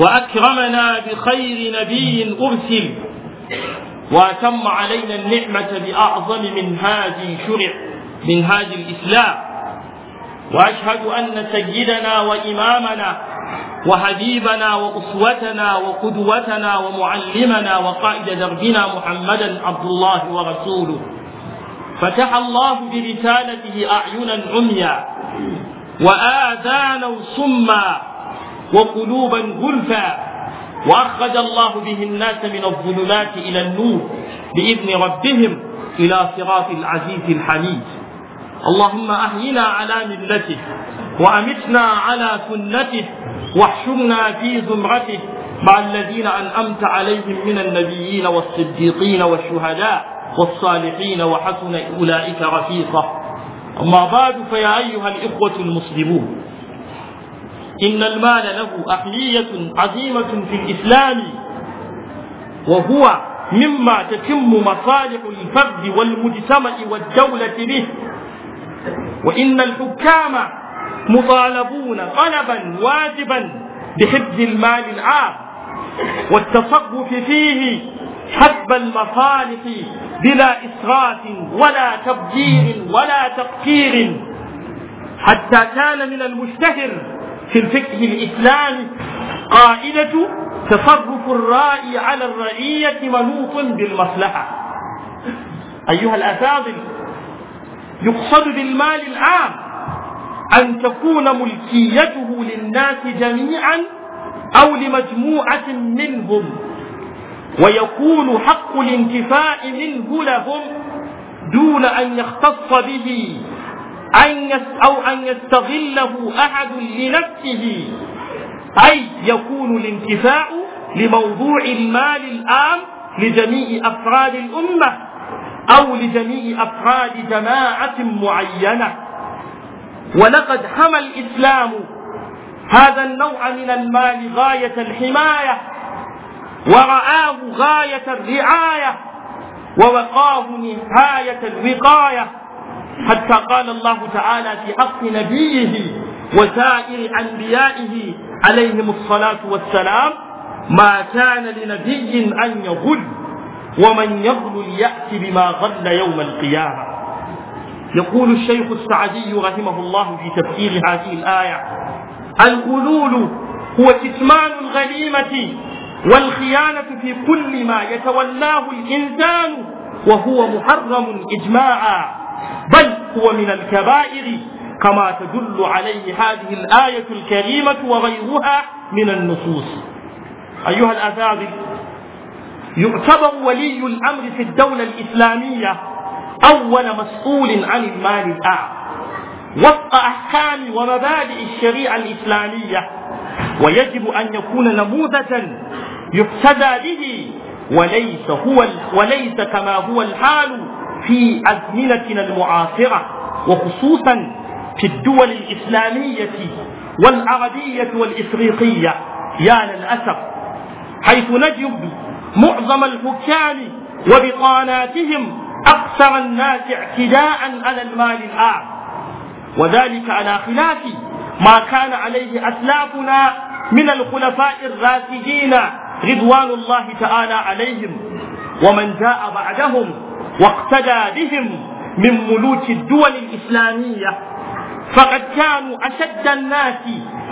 وأكرمنا بخير نبي أرسل وأتم علينا النعمة بأعظم منهاج شرع منهاج الإسلام وأشهد أن سيدنا وإمامنا وحبيبنا وأسوتنا وقدوتنا ومعلمنا وقائد دربنا محمدا عبد الله ورسوله فتح الله برسالته أعينا عميا وآذانا صما وقلوبا غلفا وأخرج الله به الناس من الظلمات إلى النور بإذن ربهم إلى صراط العزيز الحميد اللهم أحينا على ملته وأمتنا على سنته واحشرنا في زمرته مع الذين أنعمت عليهم من النبيين والصديقين والشهداء والصالحين وحسن أولئك رفيقا أما بعد فيا أيها الإخوة المسلمون إن المال له أهمية عظيمة في الإسلام وهو مما تتم مصالح الفرد والمجتمع والدولة به وإن الحكام مطالبون طلبا واجبا بحفظ المال العام والتصرف فيه حسب المصالح بلا إسراف ولا تبذير ولا تقصير حتى كان من المشتهر في الفقه الإسلامي قاعدة تصرف الرائي على الرعية منوط بالمصلحة أيها الأفاضل يقصد بالمال العام أن تكون ملكيته للناس جميعا أو لمجموعة منهم ويكون حق الانتفاع منه لهم دون أن يختص به أن أو أن يستغله أحد لنفسه أي يكون الانتفاع لموضوع المال الآن لجميع أفراد الأمة أو لجميع أفراد جماعة معينة ولقد حمى الإسلام هذا النوع من المال غاية الحماية ورآه غاية الرعاية ووقاه نهاية الوقاية حتى قال الله تعالى في حق نبيه وسائر أنبيائه عليهم الصلاة والسلام ما كان لنبي أن يغل ومن يغل يأتي بما غل يوم القيامة يقول الشيخ السعدي رحمه الله في تفسير هذه الآية الغلول هو كتمان الغليمة والخيانة في كل ما يتولاه الإنسان وهو محرم إجماعا بل هو من الكبائر كما تدل عليه هذه الآية الكريمة وغيرها من النصوص أيها الأساتذة يعتبر ولي الأمر في الدولة الإسلامية أول مسؤول عن المال الأعم وفق أحكام ومبادئ الشريعة الإسلامية ويجب أن يكون نموذجا يقتدى به وليس هو وليس كما هو الحال في أزمنتنا المعاصرة وخصوصا في الدول الإسلامية والعربية والإفريقية يا للأسف حيث نجد معظم الحكام وبطاناتهم أكثر الناس اعتداء على المال العام وذلك على خلاف ما كان عليه أسلافنا من الخلفاء الراشدين رضوان الله تعالى عليهم ومن جاء بعدهم واقتدى بهم من ملوك الدول الإسلامية فقد كانوا أشد الناس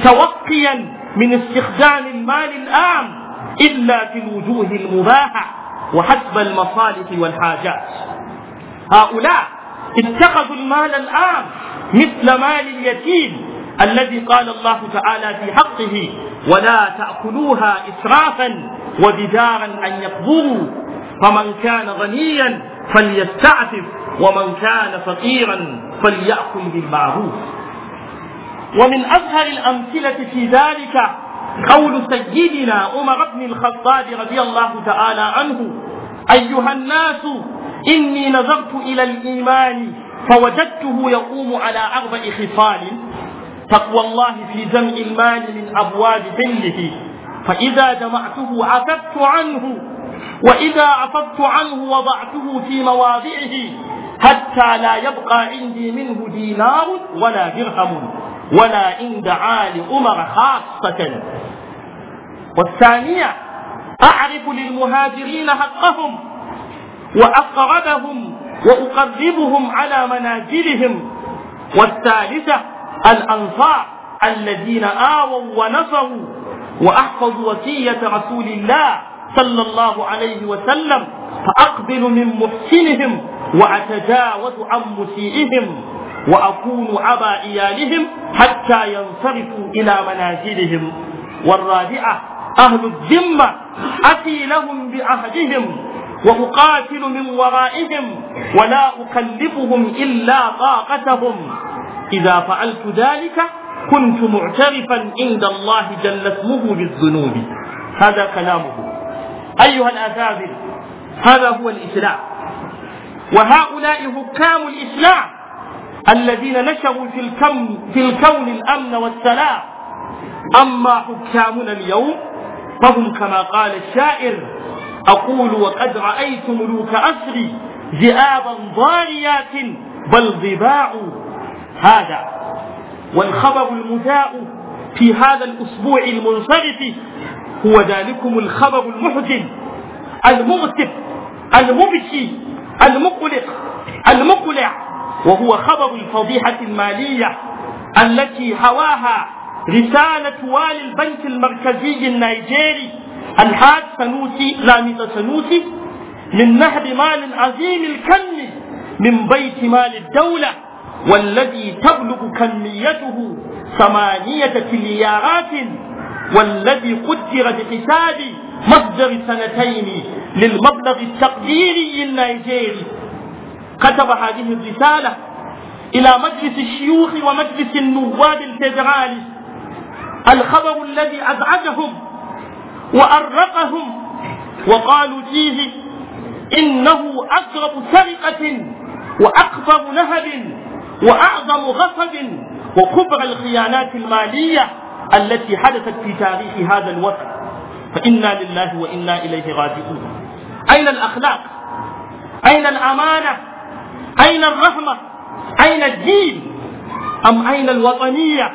توقيا من استخدام المال الآن إلا في الوجوه المباحة وحسب المصالح والحاجات هؤلاء اتخذوا المال الآن مثل مال اليتيم الذي قال الله تعالى في حقه ولا تأكلوها إسرافا وبدارا أن يكبروا فمن كان غنيا فليستعفف ومن كان فقيرا فليأكل بالمعروف ومن أظهر الأمثلة في ذلك قول سيدنا عمر بن الخطاب رضي الله تعالى عنه أيها الناس إني نظرت إلى الإيمان فوجدته يقوم على أربع خصال تقوى الله في جمع المال من أبواب ظله فإذا جمعته عففت عنه وإذا عفضت عنه وضعته في مواضعه حتى لا يبقى عندي منه دينار ولا درهم ولا عند عال عمر خاصة والثانية أعرف للمهاجرين حقهم وأقربهم وأقربهم على منازلهم والثالثة الأنصار الذين آووا ونصروا وأحفظ وصية رسول الله صلى الله عليه وسلم فأقبل من محسنهم وأتجاوز عن مسيئهم وأكون أبا إيالهم حتى ينصرفوا إلى منازلهم والرابعة أهل الذمة أتي لهم بعهدهم وأقاتل من ورائهم ولا أكلفهم إلا طاقتهم إذا فعلت ذلك كنت معترفا عند الله جل اسمه بالذنوب هذا كلامه أيها الأكابر هذا هو الإسلام وهؤلاء حكام الإسلام الذين نشأوا في الكون في الكون الأمن والسلام أما حكامنا اليوم فهم كما قال الشاعر أقول وقد رأيت ملوك أسري ذئابا ضاريات بل ضباع هذا والخبر المذاع في هذا الأسبوع المنصرف هو ذلكم الخبر المحزن المغتب المبكي المقلق المقلع وهو خبر الفضيحة المالية التي هواها رسالة والي البنك المركزي النيجيري الحاج سنوسي لاميد سنوسي من نهب مال عظيم الكم من بيت مال الدولة والذي تبلغ كميته ثمانية تليارات والذي قدر بحساب مصدر سنتين للمبلغ التقديري النيجيري كتب هذه الرسالة إلى مجلس الشيوخ ومجلس النواب الفيدرالي الخبر الذي أبعدهم وأرقهم وقالوا فيه إنه أقرب سرقة وأكبر نهب وأعظم غصب وكبرى الخيانات المالية التي حدثت في تاريخ هذا الوطن فإنا لله وإنا إليه راجعون أين الأخلاق أين الأمانة أين الرحمة أين الدين أم أين الوطنية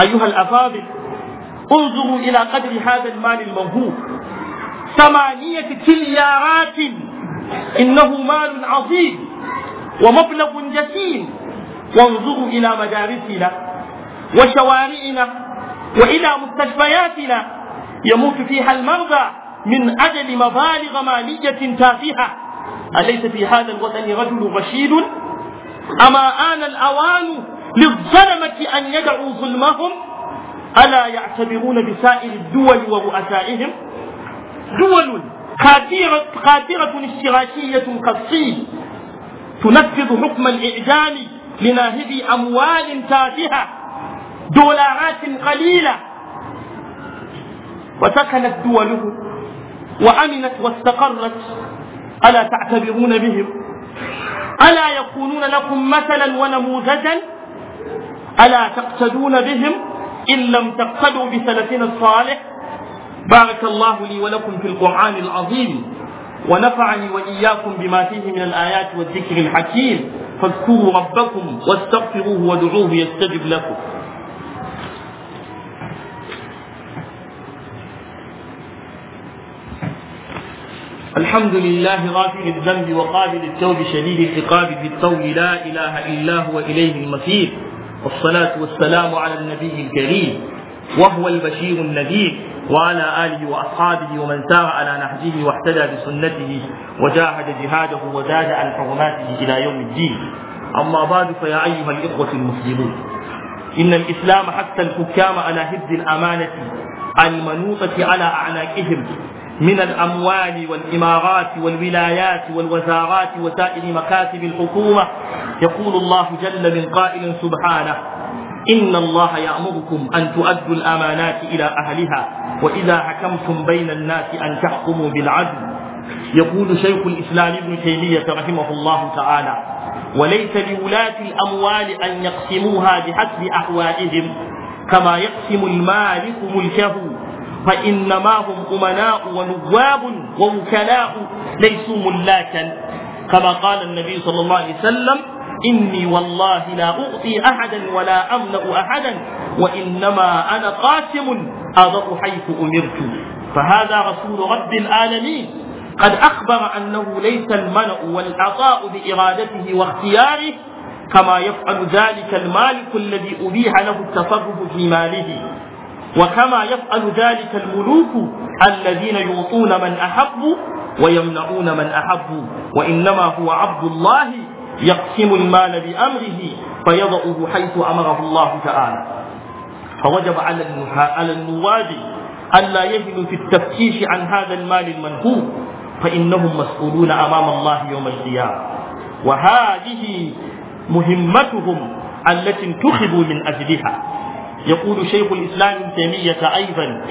أيها الأفاضل انظروا إلى قدر هذا المال الموهوب ثمانية تليارات إنه مال عظيم ومبلغ جسيم وانظروا إلى مدارسنا وشوارعنا والى مستشفياتنا يموت فيها المرضى من اجل مبالغ ماليه تافهه اليس في هذا الوطن رجل رشيد اما ان الاوان للظلمه ان يدعوا ظلمهم الا يعتبرون بسائر الدول ورؤسائهم دول قادرة, قادرة اشتراكية كالصين تنفذ حكم الإعدام لناهبي أموال تافهة دولارات قليلة وسكنت دوله وأمنت واستقرت ألا تعتبرون بهم ألا يكونون لكم مثلا ونموذجا ألا تقتدون بهم إن لم تقتدوا بسلفنا الصالح بارك الله لي ولكم في القرآن العظيم ونفعني وإياكم بما فيه من الآيات والذكر الحكيم فاذكروا ربكم واستغفروه وادعوه يستجب لكم الحمد لله غافر الذنب وقابل التوب شديد العقاب في التوب لا إله إلا هو إليه المصير والصلاة والسلام على النبي الكريم وهو البشير النذير وعلى آله وأصحابه ومن سار على نهجه واحتدى بسنته وجاهد جهاده وزاد عن حرماته إلى يوم الدين أما بعد فيا أيها الإخوة المسلمون إن الإسلام حتى الحكام على هد الأمانة المنوطة على أعناقهم من الأموال والإمارات والولايات والوزارات وسائر مكاتب الحكومة يقول الله جل من قائل سبحانه إن الله يأمركم أن تؤدوا الأمانات إلى أهلها وإذا حكمتم بين الناس أن تحكموا بالعدل يقول شيخ الإسلام ابن تيمية رحمه الله تعالى وليس لولاة الأموال أن يقسموها بحسب أحوائهم كما يقسم المالك ملكه فإنما هم أمناء ونواب ووكلاء ليسوا ملاكا كما قال النبي صلى الله عليه وسلم إني والله لا أعطي أحدا ولا أملأ أحدا وإنما أنا قاسم أضر حيث أمرت فهذا رسول رب العالمين قد أخبر أنه ليس المنع والعطاء بإرادته واختياره كما يفعل ذلك المالك الذي أبيح له التصرف في ماله وكما يفعل ذلك الملوك الذين يعطون من أحبوا ويمنعون من أحبوا وإنما هو عبد الله يقسم المال بأمره فيضعه حيث أمره الله تعالى فوجب على على النوادي ألا يهنوا في التفتيش عن هذا المال المنهوب فإنهم مسؤولون أمام الله يوم القيامة وهذه مهمتهم التي انتخبوا من أجلها يقول شيخ الإسلام ابن تيمية أيضا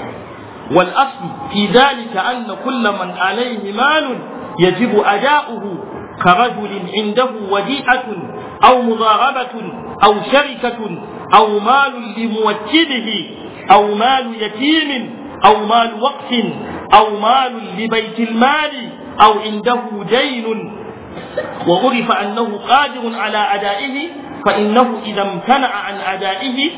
والأصل في ذلك أن كل من عليه مال يجب أداؤه كرجل عنده وديعة أو مضاربة أو شركة أو مال لموكله أو مال يتيم أو مال وقف أو مال لبيت المال أو عنده دين وعرف أنه قادر على أدائه فإنه إذا امتنع عن أدائه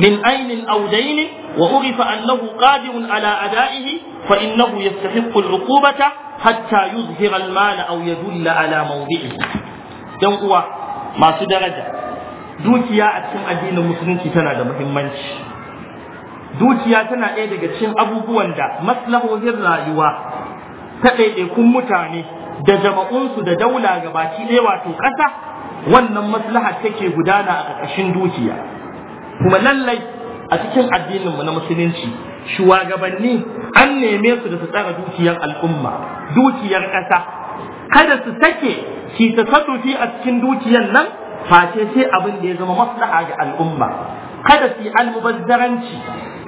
من عين أو دين وعرف أنه قادر على أدائه فإنه يستحق العقوبة حتى يظهر المال أو يدل على موضعه dan uwa masu daraja dukiya a cikin addinin musulunci tana da muhimmanci dukiya tana ɗaya daga cikin abubuwan da maslahohin rayuwa ta ɗaiɗaikun mutane da jama'unsu da daula ga baki ɗaya wato ƙasa wannan maslaha take gudana a ƙarƙashin dukiya kuma lallai a cikin addinin mu na musulunci shugabanni an neme su da su tsara dukiyar al'umma dukiyar ƙasa kada su sake ki ta sadufi a cikin dukiyar nan face sai abin da ya zama maslaha ga al'umma kada su yi almubazzaranci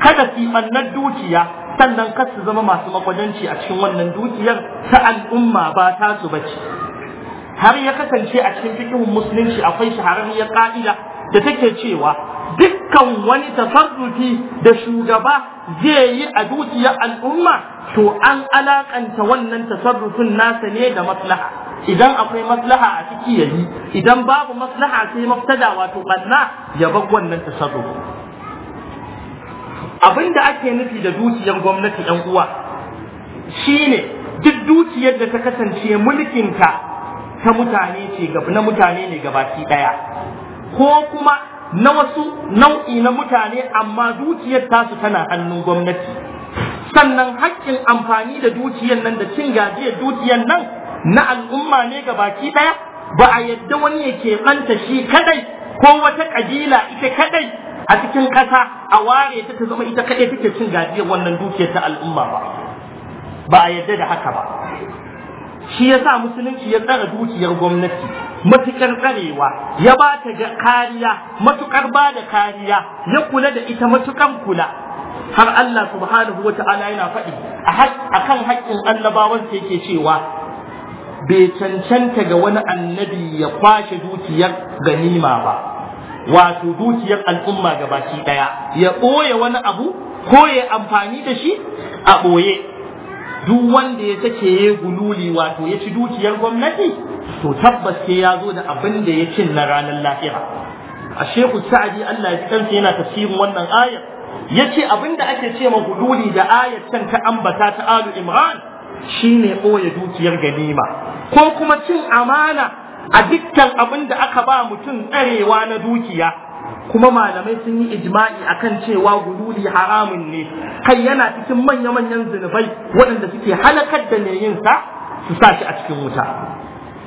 kada su yi ɓannar dukiya sannan kar su zama masu makwadanci a cikin wannan dukiyar ta al'umma ba ta su bace har ya kasance a cikin fikihun musulunci akwai shahararriyar ƙa'ida da take cewa dukkan wani tasarrufi da shugaba zai yi a dukiyar al'umma to an alakanta wannan tasarrufin nasa ne da maslaha idan akwai maslaha a ciki yayi idan babu maslaha sai mafsada wato banna ya bar wannan tasarrufi abin da ake nufi da dukiyar gwamnati yan uwa shine duk dukiyar da ta kasance mulkinta ta mutane ce na mutane ne gabaki daya ko kuma na wasu nau'i na mutane amma dukiyar tasu tana hannun gwamnati sannan haƙƙin amfani da dukiyar nan da cin gajiyar dukiyar nan na al'umma ne ga baki ɗaya ba a yadda wani ya keɓanta shi kadai ko wata ƙabila ita kadai a cikin ƙasa a ware ta ta zama ita kadai take cin gajiyar wannan dukiyar ta al'umma ba ba a yadda da haka ba shi yasa musulunci ya tsara dukiyar gwamnati matukar tsarewa ya ba ta ga kariya matukar ba da kariya ya kula da ita matukar kula har Allah subhanahu wata'ala yana faɗi a kan haƙƙin annabawan sa yake cewa bai cancanta ga wani annabi ya kwashe dukiyar ganima ba wato dukiyar al'umma gabaki ɗaya ya ɓoye wani abu ko ya amfani da shi a ɓoye duk wanda ya take ya gululi wato ya ci dukiyar gwamnati to tabbas sai ya zo da abin da ya cin na ranar lahira a shehu sa'adi Allah ya kansa yana tafsirin wannan ayar yace abin da ake ce ma gululi da ayar can ta ambata ta alu imran shine ɓoye dukiyar ganima ko kuma cin amana a dukkan abin da aka ba mutum tsarewa na dukiya kuma malamai sun yi ijma'i akan cewa gululi haramun ne kai yana cikin manya-manyan zunubai waɗanda suke halakar da mai yin sa su sa shi a cikin wuta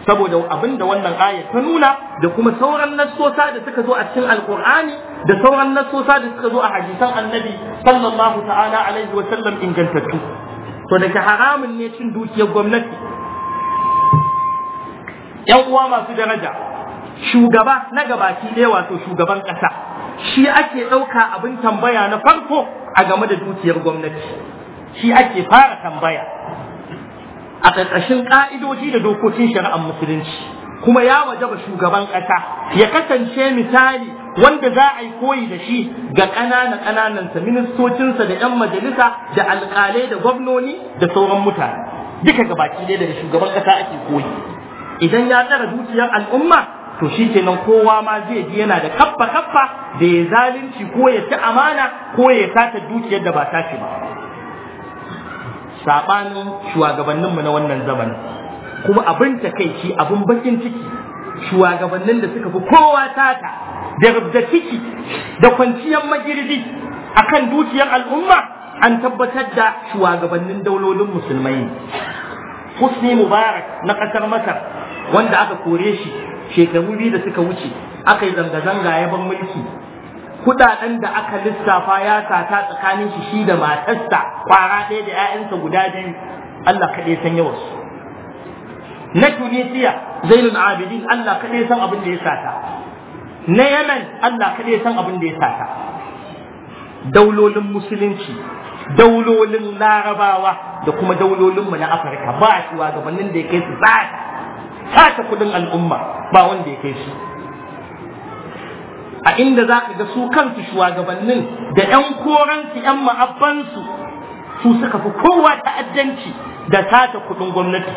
saboda abin da wannan aya ta nuna da kuma sauran nassosa da suka zo a cikin alkur'ani da sauran nassosa da suka zo a hadisan annabi sallallahu ta'ala alaihi wa sallam ingantattu to daga haramun ne cin dukiyar gwamnati yan uwa masu daraja shugaba na gabaki ɗaya wato shugaban ƙasa shi ake ɗauka abin tambaya na farko a game da dukiyar gwamnati shi ake fara tambaya a ƙarƙashin ƙa'idoji da dokokin shari'ar musulunci kuma ya waje ba shugaban ƙasa ya kasance misali wanda za a yi koyi da shi ga ƙananan ƙananansa ministocinsa da 'yan majalisa da alƙalai da gwamnoni da sauran mutane duka gabaki ɗaya daga shugaban ƙasa ake koyi idan ya tsara dukiyar al'umma to shi kenan kowa ma zai ji yana da kaffa kaffa da ya zalunci ko ya ci amana ko ya sata dukiyar da ba ta ci ba sabanin shugabanninmu na wannan zamanin kuma abin takaici abin bakin ciki shugabannin da suka fi kowa sata da rubda ciki da kwanciyar magirbi akan dukiyar al'umma an tabbatar da shugabannin daulolin musulmai Husni Mubarak na ƙasar Masar wanda aka kore shi shekaru biyu da suka wuce aka yi zanga-zanga ya ban mulki kudaden da aka lissafa ya sata tsakanin shi shi da matarsa kwara ɗaya da 'ya'yansa guda biyu Allah kaɗai san yawansu na Tunisiya Zainul Abidin Allah kaɗai san abin da ya sata na Yemen Allah kaɗai san abin da ya sata daulolin musulunci daulolin larabawa da kuma daulolinmu na Afirka ba gabanin da ya kai su sata Sata kudin al'umma ba wanda ya kai su a inda za ka ga su kansu shugabannin da 'yan koransu 'yan ma'abbansu su suka fi kowa ta'addanci da sata kudin gwamnati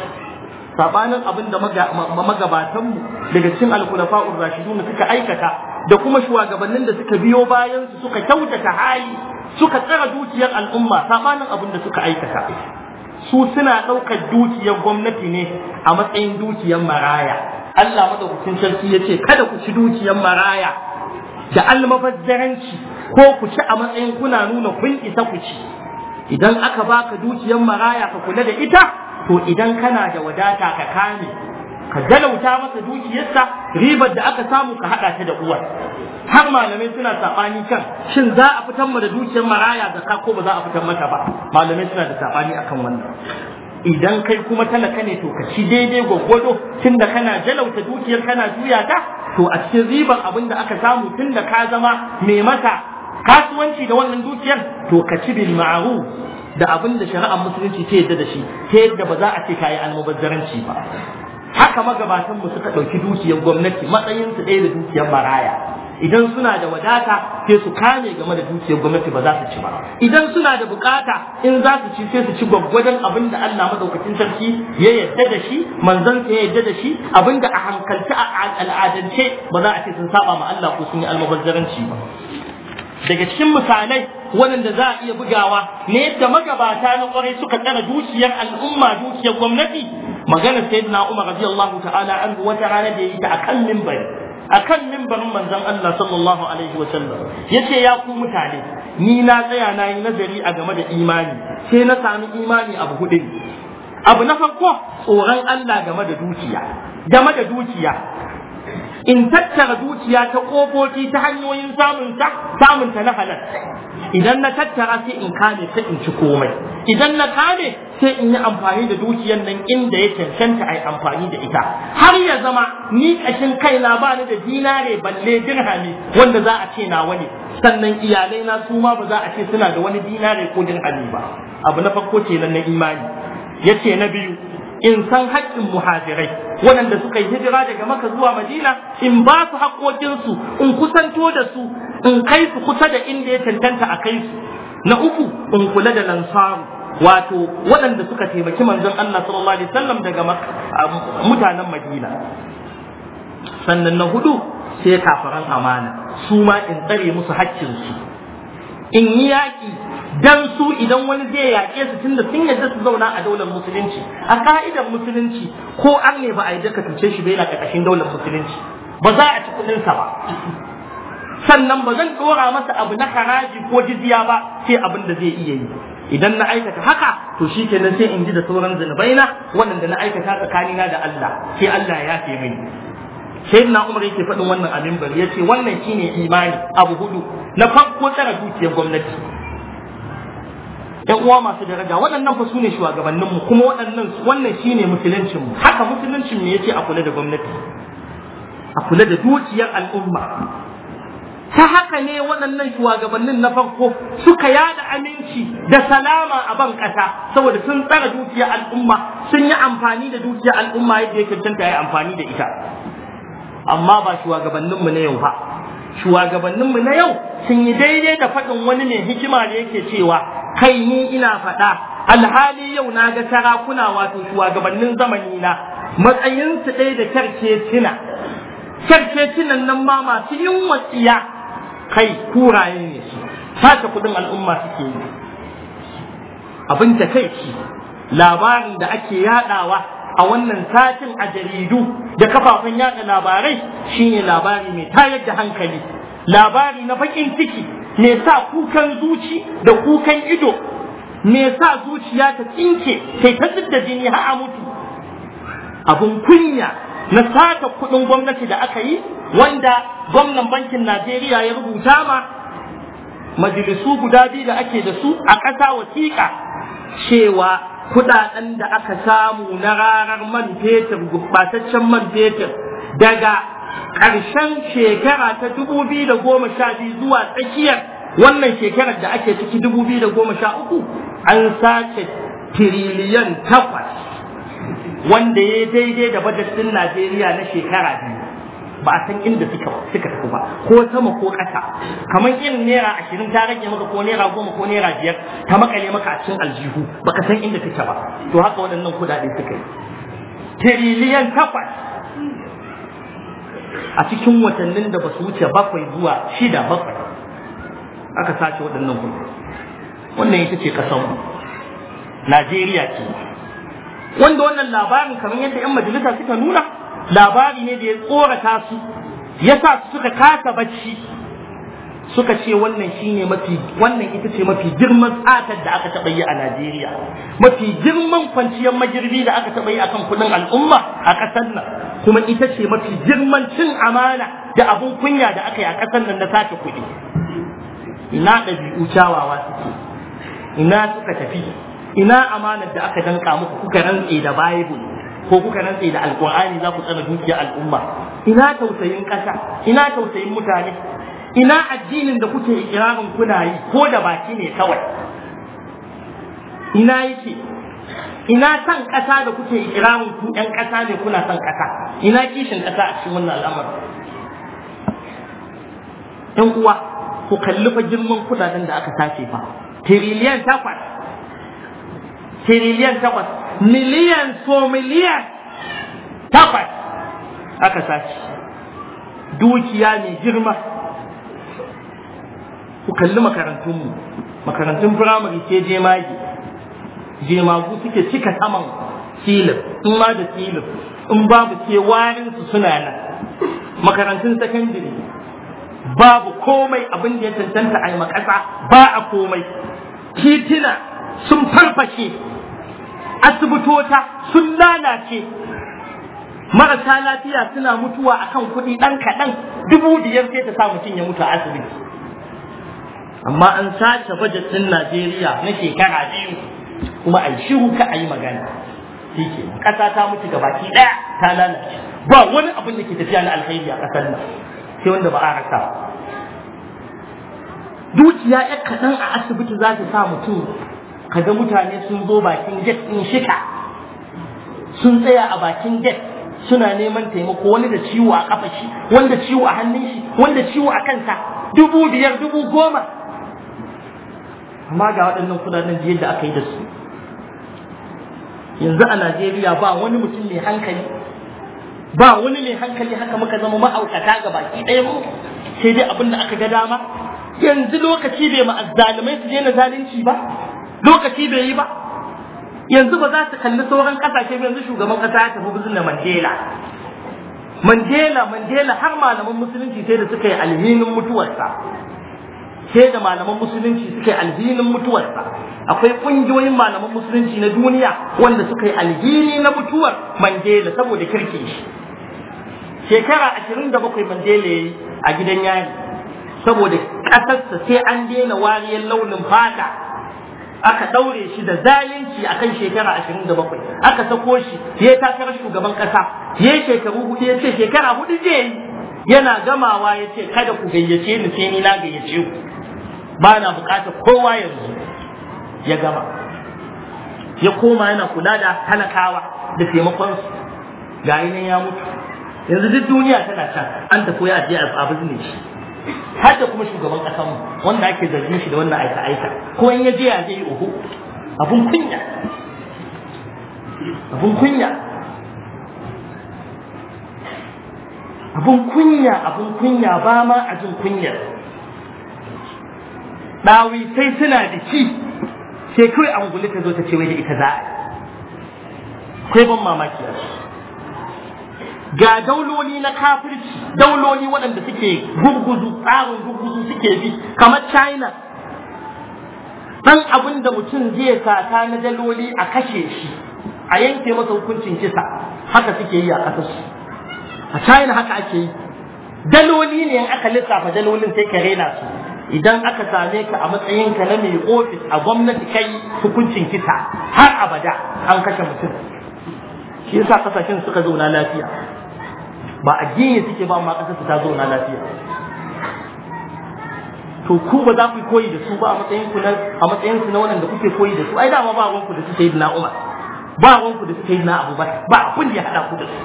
sabanin abin da magabatanmu daga cikin alkulafa'ur rashiduna suka aikata da kuma shugabannin da suka biyo bayan su suka kyautata hali suka tsara dukiyar al'umma sabanin abin da suka aikata su suna ɗaukar dukiyar gwamnati ne a matsayin dukiyar maraya Allah madaukakin sarki ya ce kada ku ci dukiyar maraya da almafazzaranci ko ku ci a matsayin kuna nuna kun isa ku ci idan aka baka dukiyar maraya ka kula da ita to idan kana da wadata ka kame ka galauta masa dukiyarsa ribar da aka samu ka haɗa ta da uwar har malamai suna saɓani kan shin za a fitar mu da dukiyar maraya zaka ko ba za a fitar mata ba malamai suna da saɓani akan wannan idan kai kuma talaka ne to ka ci daidai gwaggwado tun da kana jalauta dukiyar kana juya ta to a cikin ribar abin da aka samu tun da ka zama mai mata kasuwanci da wannan dukiyar to ka ci bil ma'ruf da abin da shari'ar musulunci ta yadda da shi ta yadda ba za a ce kayi almubazzaranci ba haka mu suka ɗauki dukiyar gwamnati matsayinsu ɗaya da dukiyar maraya idan suna da wadata sai su kame game da dukiyar gwamnati ba za su ci ba idan suna da bukata in za su ci sai su ci gwaggwadon abin da Allah madaukakin sarki ya yarda da shi manzon ya yarda da shi abin da a hankalci a al'adance ba za a ce sun saba ma Allah ko sun yi almubazzaranci ba daga cikin misalai waɗanda za a iya bugawa ne yadda magabata na kwarai suka tsara dukiyar al'umma dukiyar gwamnati maganar sayyidina Umar radiyallahu ta'ala anhu wata rana da yi ta akan minbari akan minbarin manzon Allah sallallahu alaihi wa sallam yace ya ku mutane ni na tsaya na yi nazari a game da imani sai na sami imani abu hudu abu na farko tsoron Allah game da dukiya game da dukiya in tattara dukiya ta kofofi ta hanyoyin samunta na halal idan na tattara sai in kame sai in ci komai idan na kame sai in yi amfani da dukiyar nan inda ya cancanta a yi amfani da ita har ya zama ni kashin kai na ba ni da dinare balle dirhami wanda za a ce na wani sannan iyalai na su ma ba za a ce suna da wani dinare ko dirhami ba abu na farko kenan na imani yace na biyu in san haƙƙin muhajirai waɗanda suka yi hijira daga maka zuwa madina in ba su haƙoƙinsu in kusanto da su in kai su kusa da inda ya cancanta a kai su na uku in kula da lansaru wato waɗanda suka taimaki manzon Allah sallallahu alaihi wasallam daga mutanen madina sannan na hudu sai kafaran amana su ma in tsare musu haƙƙinsu in yi yaƙi dan su idan wani zai yaƙe su tunda sun yadda su zauna a daular musulunci a ka'idar musulunci ko an ne ba a yi ka tuce shi bai ƙarƙashin daular musulunci ba za a ci kuɗinsa ba sannan ba zan ɗora masa abu na haraji ko jizya ba sai abin da zai iya yi idan na aikata haka to shi kenan sai in ji da sauran zunubaina waɗanda na aikata tsakanina da Allah sai Allah ya yafe mini sai na umar yake faɗin wannan abin bari ya ce wannan shine imani abu hudu na farko tsara dukiyar gwamnati yan uwa masu daraja waɗannan fa sune shugabannin kuma waɗannan wannan shine musuluncin mu haka musuluncin ne yace a kula da gwamnati a kula da dukiyar al'umma ta haka ne waɗannan shugabannin na farko suka yada aminci da salama a ban ƙasa saboda sun tsara dukiyar al'umma sun yi amfani da dukiyar al'umma yadda ya cancanta ya amfani da ita amma ba shugabanninmu na yau ba shugabanninmu na yau sun yi daidai da faɗin wani mai hikima da yake cewa kai ni ina faɗa alhali yau na ga sarakuna wato shugabannin zamani na matsayinsu ɗaya da kyarketina kyarketinan nan ma masu yin watsiya kai kuraye ne su sace kudin al'umma suke yi abin da kai labarin da ake yadawa a wannan satin a jaridu da kafafen yada labarai shine labari mai tayar da hankali labari na bakin ciki me sa kukan zuci da kukan ido me sa zuciya ta tsinke sai ta da jini har a mutu abun kunya na sata kudin gwamnati da aka yi wanda gwamnan bankin Najeriya ya rubuta ma majalisu guda biyu da ake da su a ƙasa wasiƙa cewa kudaden da aka samu na rarar man fetur gurɓataccen man fetur daga ƙarshen shekara ta dubu biyu da goma sha biyu zuwa tsakiyar wannan shekarar da ake ciki dubu biyu da goma sha uku an sace tiriliyan takwas wanda ya daidai da bajet Najeriya na shekara biyu ba a san inda suka tafi ba ko sama ko ƙasa kamar irin naira ashirin ta rage maka ko naira goma ko naira biyar ta makale maka a cikin aljihu baka san inda take ba to haka waɗannan kuɗaɗe suka yi tiriliyan takwas a cikin watannin da ba su wuce bakwai zuwa shida bakwai aka sace waɗannan kuma wannan ita ce ƙasar Najeriya ce wanda wannan labarin kamar yadda 'yan majalisa suka nuna labari ne da ya tsorata su ya sa su suka kasa bacci suka ce wannan shine mafi wannan ita ce mafi girman tsatar da aka taɓa yi a Najeriya mafi girman kwanciyar magirbi da aka taɓa yi akan kuɗin al'umma a ƙasar nan kuma ita ce mafi girman cin amana da abun kunya da aka yi a ƙasar nan na sake kuɗi ina ɗabi'u kyawawa suke ina suka tafi ina amanar da aka danka muku kuka rantse da bible ko kuka rantse da alkur'ani za ku tsara dukiyar al'umma ina tausayin ƙasa ina tausayin mutane ina addinin da kuke ikirarin kuna yi ko da baki ne kawai ina yake ina san ƙasa da kuke ikirarin ku ɗan ƙasa ne kuna san ƙasa ina kishin ƙasa a cikin wannan al'amarin Ƴan uwa ku kalli fa girman kudaden da aka sace fa tiriliyan takwas tiriliyan takwas miliyan so miliyan takwas aka sace dukiya ne girma ku kalli makarantunmu makarantun firamare ke jemagi jemagu suke cika saman silif in ma da silif in babu ke warinsu suna nan makarantun sakandare babu komai abin da ya tantanta a makasa ba a komai titina sun farfashe asibitota sun lalace marasa lafiya suna mutuwa akan kuɗi ɗan kaɗan dubu biyar sai ta sa mutum ya mutu a asibiti amma an sace bajet din Najeriya na shekara biyu kuma an shiru ka ayi magana shike kasa ta mutu ga baki daya ta lalace ba wani abin da ke tafiya na alkhairi a kasar nan sai wanda ba a rasa dukiya ya kaɗan a asibiti za ta sa mutum kaga mutane sun zo bakin jet ɗin shika sun tsaya a bakin jet suna neman taimako wani da ciwo a kafa shi wanda ciwo a hannun shi wanda ciwo a kansa dubu biyar dubu goma amma ga waɗannan kudaden da yadda aka yi da su yanzu a Najeriya ba wani mutum mai hankali ba wani mai hankali haka muka zama ma'aukata ga baki ɗaya mu sai dai abin da aka ga dama yanzu lokaci bai ma'azzalimai su daina zalunci ba lokaci bai yi ba yanzu ba za su kalli sauran kasashe ba yanzu shugaban kasa ya tafi bizin da Mandela Mandela Mandela har malaman musulunci sai da suka yi alhinin mutuwarsa sai da malaman musulunci suka yi alhinin mutuwarsa akwai kungiyoyin malaman musulunci na duniya wanda suka yi alhini na mutuwar Mandela saboda kirkin shi shekara ashirin da bakwai Mandela ya a gidan yari saboda ƙasarsa sai an daina wariyar launin fata aka ɗaure shi da zalunci akan kan shekara ashirin da bakwai aka sako shi ya takarar shugaban ƙasa ya shekaru hudu ya ce shekara hudu zai yana gamawa ya ce kada ku gayyace ni sai ni na gayyace ku ba na bukatar kowa ya zo ya gama ya koma yana kula da talakawa da taimakon su ga nan ya mutu yanzu duk duniya tana can an tafi ya je a ne shi har da kuma shugaban kasanmu wanda ake zargin shi da wannan aika aika ko in ya je ya je uhu abun kunya abun kunya abun kunya abun kunya ba ma a jin kunyar ɗawi sai suna da ci sai kawai anguli ta zo ta ce wai da ita za a yi kai ban mamaki a ga dauloli na kafirci dauloli waɗanda suke gurguzu tsarin gurguzu suke bi kamar china ɗan abin da mutum zai sata na daloli a kashe shi a yanke masa hukuncin kisa haka suke yi a ƙasarsu a china haka ake yi daloli ne aka lissafa dalolin sai ka rena su idan aka same ka a matsayinka na mai ofis a gwamnati kai hukuncin kisa har abada an kashe mutum shi yasa kasashen suka zauna lafiya ba addini suke ba amma kasar su ta zauna lafiya to ku ba za ku koyi da su ba a matsayin ku na a matsayin su na wanda kuke koyi da su ai dama ba ku da su na Umar ba ku da su na Abubakar ba abin da ya hada ku da su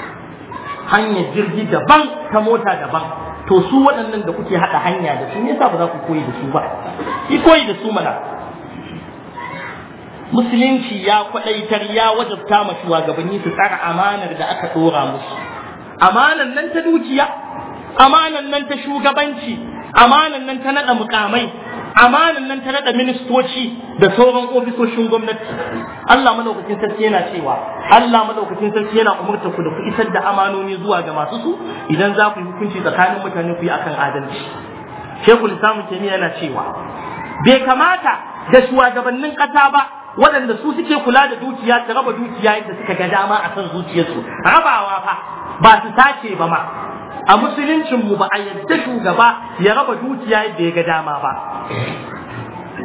hanyar jirgi daban ta mota daban to su waɗannan da kuke haɗa hanya da su yasa ba za ku koyi da su ba ki koyi da su mana musulunci ya kwaɗaitar ya wajabta ma shugabanni su tsara amanar da aka ɗora musu Amanan nan ta dukiya amanan nan ta shugabanci amanan nan ta naɗa mukamai amanan nan ta nada ministoci da sauran ofisoshin gwamnati Allah madaukakin sarki yana cewa Allah madaukakin sarki yana umurta ku da ku isar da amanoni zuwa ga masu su idan za ku yi hukunci tsakanin mutane ku yi akan adalci Shekul Islam Kemi yana cewa bai kamata da shugabannin kasa ba waɗanda su suke kula da dukiya su raba dukiya yadda suka ga dama a kan zuciyarsu rabawa fa ba su sace ba ma a musuluncin mu ba a yadda shugaba ya raba dukiya yadda ya ga dama ba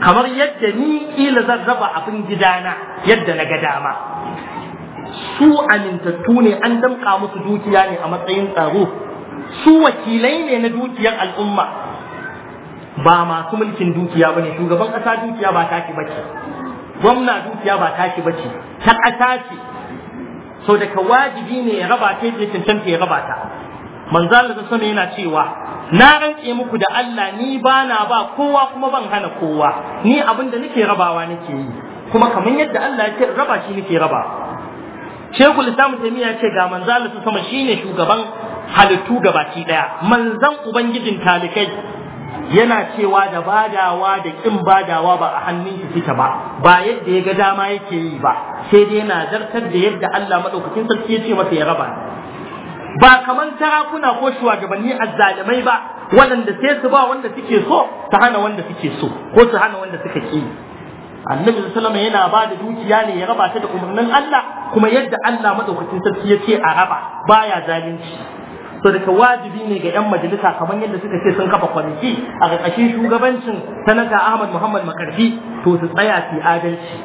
kamar yadda ni ƙila zan raba abin gidana yadda na ga dama su amintattu ne an damƙa musu dukiya ne a matsayin tsaro su wakilai ne na dukiyar al'umma ba masu mulkin dukiya ba shugaban ƙasa dukiya ba tashi ce. gwamna dukiya ba tashi ce. ta ƙasa ce sau daga wajibi ne ya raba ta ya cancanta ya raba ta manzo Allah sallallahu yana cewa na rantse muku da Allah ni bana ba kowa kuma ban hana kowa ni da nake rabawa nake yi kuma kamar yadda Allah ya raba shi nake raba Sheikhul Islam Taymiyyah ya ce ga manzo Allah sama shine shugaban halittu gabaki daya manzan ubangijin talikai yana cewa da badawa da kin badawa ba a hannun shi fita ba ba yadda ya ga dama yake yi ba sai dai yana zartar da yadda Allah madaukakin sarki ya ce masa ya raba ba kaman sarakuna ko shugabanni azzalimai ba waɗanda sai su ba wanda suke so su hana wanda suke so ko su hana wanda suka ki annabi sallallahu yana ba da dukiya ne ya raba ta da umarnin Allah kuma yadda Allah madaukakin sarki ya ce a raba baya zalunci so daga wajibi ne ga 'yan majalisa kamar yadda suka ce sun kafa kwanaki a ƙarƙashin shugabancin sanata Ahmad Muhammad Makarfi to su tsaya su adalci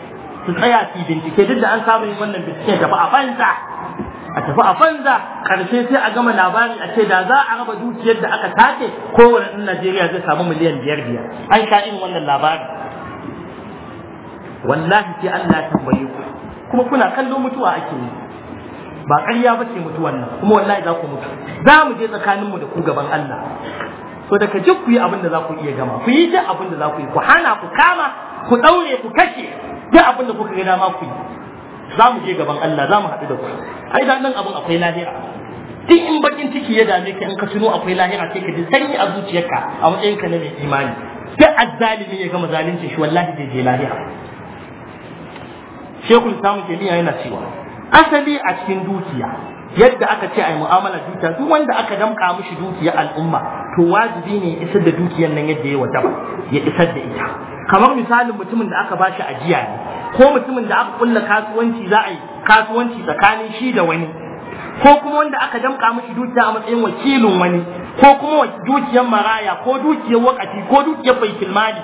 su tsaya su bincike duk da an samu wannan bincike da ba a banza a tafi a banza ƙarshe sai a gama labari a ce da za a raba dukiyar da aka tace kowane ɗan Najeriya zai samu miliyan biyar biyar an sha irin wannan labari wallahi sai Allah ya tambaye ku kuma kuna kallo mutuwa ake yi ba ƙarya ba ce mutuwan nan kuma wallahi za ku mutu za mu je tsakaninmu da ku gaban Allah so daga duk ku yi abin da za ku iya gama ku yi duk abin da za ku yi ku hana ku kama ku ɗaure ku kashe duk abin da kuka ga dama ku yi za mu je gaban Allah za mu haɗu da ku ai da nan abin akwai lahira duk in bakin ciki ya dame ka in ka tuno akwai lahira sai ka ji sanyi a zuciyarka a matsayin ka na mai imani duk azzalimi ya gama zalunci shi wallahi zai je lahira shekul ke jami'a yana cewa asali a cikin dukiya yadda aka ce ai mu'amala dukiya duk wanda aka damka mishi dukiya al'umma to wajibi ne ya isar da dukiyar nan yadda ya wajaba ya isar da ita kamar misalin mutumin da aka bashi ajiya ne ko mutumin da aka kulla kasuwanci za a yi kasuwanci tsakanin shi da wani ko kuma wanda aka damka mishi dukiya a matsayin wakilin wani ko kuma dukiyar maraya ko dukiyar wakati ko dukiyar baitul mali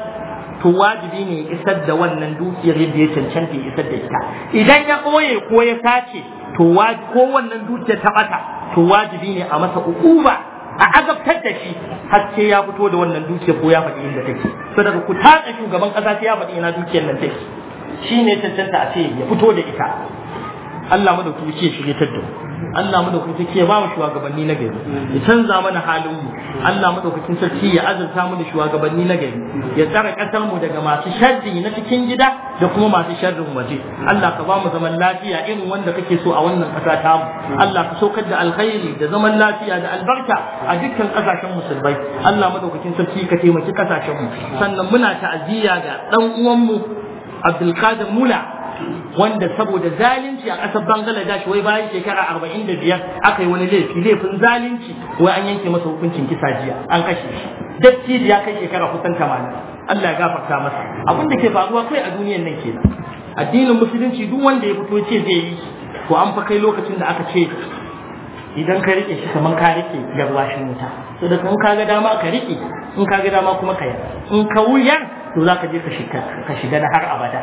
to wajibi ne ya isar da wannan dukiyar yadda ya cancanta ya isar da ita idan ya koye ko ya sace to ko wannan dukiyar ta bata to wajibi ne a masa ukuba a azabtar da shi haske ya fito da wannan dukiyar ko ya faɗi inda take so daga ku tatsa shugaban ƙasa sai ya faɗi ina dukiyar nan take shi ne cancanta a ce ya fito da ita Allah mu da ku ke shi ta da Allah mu da ku ke ba mu shugabanni na gari ya canza mana halin mu Allah mu da ku sarki ya azurta mu da shugabanni na gari ya tsara kasar mu daga masu sharri na cikin gida da kuma masu sharrin waje Allah ka ba mu zaman lafiya irin wanda kake so a wannan kasa ta mu Allah ka saukar da alkhairi da zaman lafiya da albarka a dukkan kasashen musulmai Allah mu da ku sarki ka taimaki kasashen mu sannan muna ta'aziyya ga dan uwan mu abdulkadir mula wanda saboda zalunci a ƙasar bangladesh wai bayan shekara arba'in da biyar aka yi wani laifi laifin zalunci wai an yanke masa hukuncin kisa jiya an kashe shi dattijo ya kai shekara kusan tamanin allah ya gafarta masa abin da ke faruwa kai a duniyan nan kenan addinin musulunci duk wanda ya fito ce zai yi ko an fa kai lokacin da aka ce idan ka rike shi kaman ka rike garwashin wuta saboda kan ka ga dama ka rike in ka dama kuma ka yi in ka wuyar to za ka je ka shiga na har abada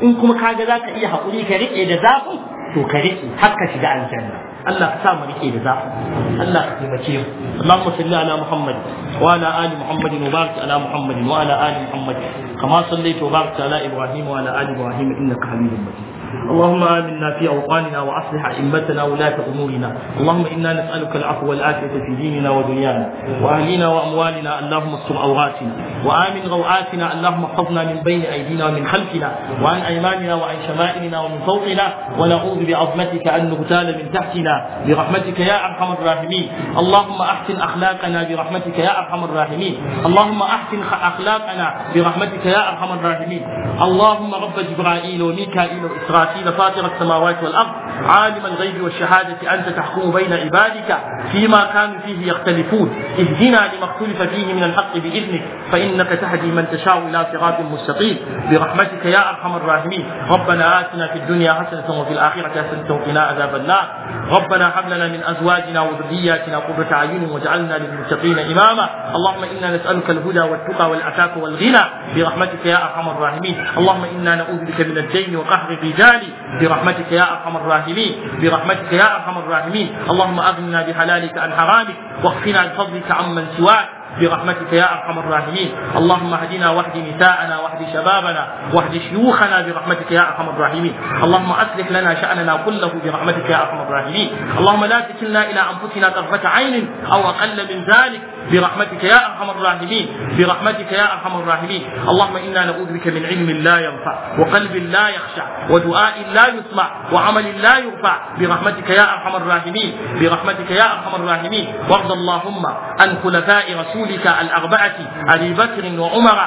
in kuma ka ga za ka iya haƙuri ka riƙe da zafi to ka riƙe har ka shiga aljanna Allah ka sa mu riƙe da zafin Allah ka taimake mu Allahumma salli ala Muhammad wa ala ali Muhammad wa barik ala Muhammad wa ala ali Muhammad kama sallaita wa barakta ala Ibrahim wa ala ali Ibrahim innaka Hamidum Majid اللهم آمنا في أوطاننا وأصلح أئمتنا ولاة أمورنا اللهم إنا نسألك العفو والعافية في ديننا ودنيانا واهلينا وأموالنا اللهم استر عوراتنا وآمن غوآتنا اللهم احفظنا من بين أيدينا ومن خلفنا وعن أيماننا وعن شمائلنا ومن فوقنا ونعوذ بعظمتك أن نغتال من تحتنا برحمتك يا أرحم الراحمين اللهم أحسن أخلاقنا برحمتك يا أرحم الراحمين اللهم أحسن أخلاقنا برحمتك يا أرحم الراحمين اللهم رب جبرائيل وميكائيل وإسرائيل الباقين فاطر السماوات والأرض عالم الغيب والشهادة أنت تحكم بين عبادك فيما كانوا فيه يختلفون اهدنا لما اختلف فيه من الحق بإذنك فإنك تهدي من تشاء إلى صراط مستقيم برحمتك يا أرحم الراحمين ربنا آتنا في الدنيا حسنة وفي الآخرة حسنة وقنا عذاب النار ربنا هب لنا من أزواجنا وذرياتنا قرة أعين واجعلنا للمتقين إماما اللهم إنا نسألك الهدى والتقى والعفاف والغنى برحمتك يا أرحم الراحمين اللهم إنا نعوذ بك من الدين وقهر الرجال الجلال برحمتك يا ارحم الراحمين برحمتك يا ارحم الراحمين اللهم اغننا بحلالك عن حرامك واغفنا عن فضلك عمن سواك برحمتك يا ارحم الراحمين، اللهم اهدنا واهد نساءنا واهد شبابنا واهد شيوخنا برحمتك يا ارحم الراحمين، اللهم اصلح لنا شاننا كله برحمتك يا ارحم الراحمين، اللهم لا تكلنا الى انفسنا طرفة عين او اقل من ذلك، برحمتك يا ارحم الراحمين برحمتك يا ارحم الراحمين اللهم انا نعوذ بك من علم لا ينفع وقلب لا يخشع ودعاء لا يسمع وعمل لا يرفع برحمتك يا ارحم الراحمين برحمتك يا ارحم الراحمين وارض اللهم عن خلفاء رسولك الاربعه ابي بكر وعمر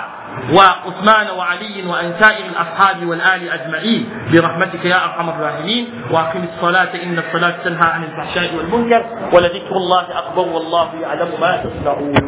وعثمان وعلي وأن سائر الأصحاب والآل أجمعين برحمتك يا أرحم الراحمين وأقم الصلاة إن الصلاة تنهى عن الفحشاء والمنكر ولذكر الله أكبر والله يعلم ما تصنعون